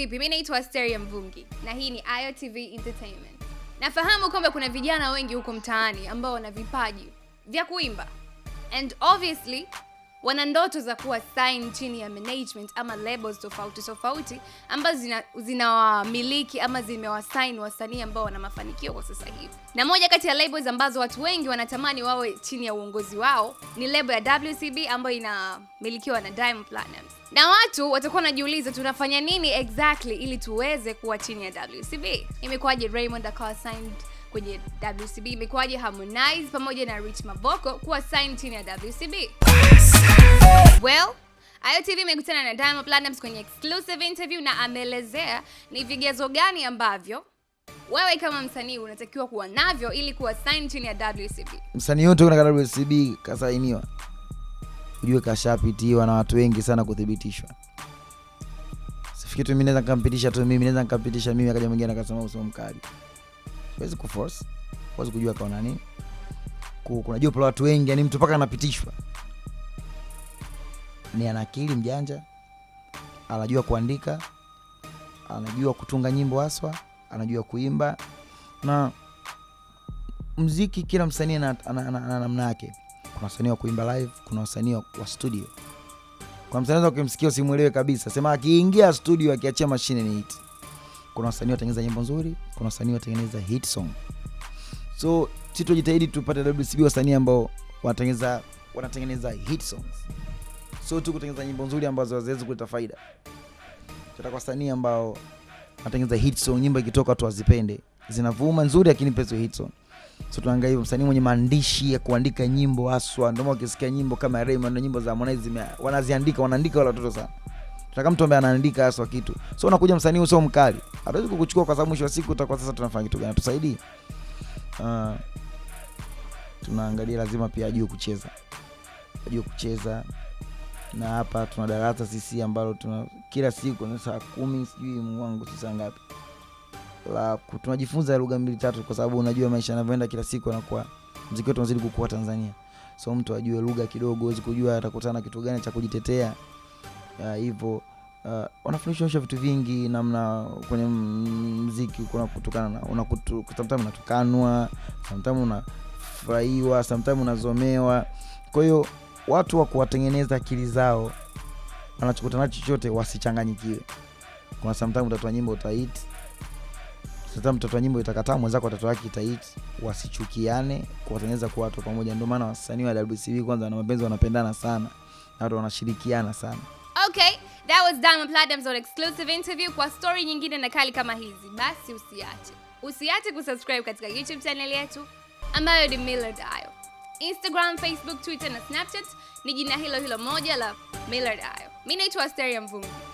Vipi, mi naitwa Asteria Mvungi na hii ni Ayo TV Entertainment. Nafahamu kwamba kuna vijana wengi huko mtaani ambao wana vipaji vya kuimba and obviously wana ndoto za kuwa sign chini ya management ama labels tofauti tofauti ambazo zinawamiliki zina ama zimewasign wasanii ambao wana mafanikio kwa sasa hivi. Na moja kati ya labels ambazo watu wengi wanatamani wawe chini ya uongozi wao ni lebo ya WCB ambayo inamilikiwa na Diamond Platnumz. Na watu watakuwa wanajiuliza tunafanya nini exactly ili tuweze kuwa chini ya WCB? Imekuwaje Raymond akawa signed kwenye WCB. Imekuwaje Harmonize pamoja na Rich Mavoko kuwa sign chini ya WCB? Well, Ayo TV imekutana na Diamond Platnumz kwenye exclusive interview na ameelezea ni vigezo gani ambavyo wewe kama msanii unatakiwa kuwa navyo ili kuwa sign chini ya WCB. Msanii yote kuna WCB kasainiwa, ujue kashapitiwa na watu wengi sana kuthibitishwa. Sifikiri tu mimi naweza nikampitisha tu mimi, naweza nikampitisha mimi, akaja mwingine akasema usio mkali huwezi kuforce, huwezi kujua kaona nini. Kuna jopo la watu wengi, yani mtu mpaka anapitishwa. Ni ana akili mjanja, anajua kuandika, anajua kutunga nyimbo haswa, anajua kuimba na mziki. Kila msanii ana namna yake. Kuna wasanii wa kuimba live, kuna wasanii wa studio. Kwa msanii ukimsikia usimwelewe kabisa, sema akiingia studio akiachia mashine ni hiti kuna wasanii watengeneza nyimbo nzuri, kuna wasanii watengeneza hit song. So sisi tunajitahidi tupate WCB wasanii ambao wanatengeneza wanatengeneza hit songs, so tu kutengeneza nyimbo nzuri ambazo haziwezi kuleta faida. Tunataka wasanii ambao wanatengeneza hit song, nyimbo ikitoka watu wazipende, zinavuma nzuri, lakini pesa hit song. So tunaangalia hivyo, msanii mwenye maandishi ya kuandika nyimbo haswa. Ndio maana ukisikia nyimbo kama Rayman na nyimbo za Harmonize wanaziandika, wanaandika wale watoto sana. Tunataka mtu ambaye anaandika haswa kitu. So unakuja msanii usio mkali hatuwezi kukuchukua kwa sababu mwisho wa siku utakuwa sasa tunafanya kitu gani tusaidie. Uh, ah, tunaangalia lazima pia ajue kucheza, ajue kucheza na hapa tuna darasa sisi ambalo tuna kila siku ni saa kumi sijui mwangu si saa ngapi la tunajifunza lugha mbili tatu, kwa sababu unajua maisha yanavyoenda, kila siku anakuwa mziki wetu unazidi kukua Tanzania, so mtu ajue lugha kidogo, wezi kujua atakutana kitu gani cha kujitetea ah, hivyo uh, wanafundishwa vitu vingi namna kwenye mziki, kuna kutokana na sometimes unatukanwa, sometimes unafurahiwa, sometimes unazomewa. Kwa hiyo watu wa kuwatengeneza akili zao wanachokutana chochote wasichanganyikiwe. Kuna sometimes utatoa nyimbo utahiti, sometimes utatoa nyimbo itakataa, mwenzako atatoa yake itahiti. Wasichukiane, kuwatengeneza kuwa watu pamoja. Ndio maana wasanii wa WCB kwanza na mapenzi wanapendana sana na watu wanashirikiana sana okay. That was Diamond Platinum's on exclusive interview. Kwa story nyingine na kali kama hizi, basi usiache usiache kusubscribe katika YouTube channel yetu ambayo ni Millard Ayo. Instagram, Facebook, Twitter na Snapchat ni jina hilo hilo moja la Millard Ayo. Mimi naitwa Asteria Mvungi.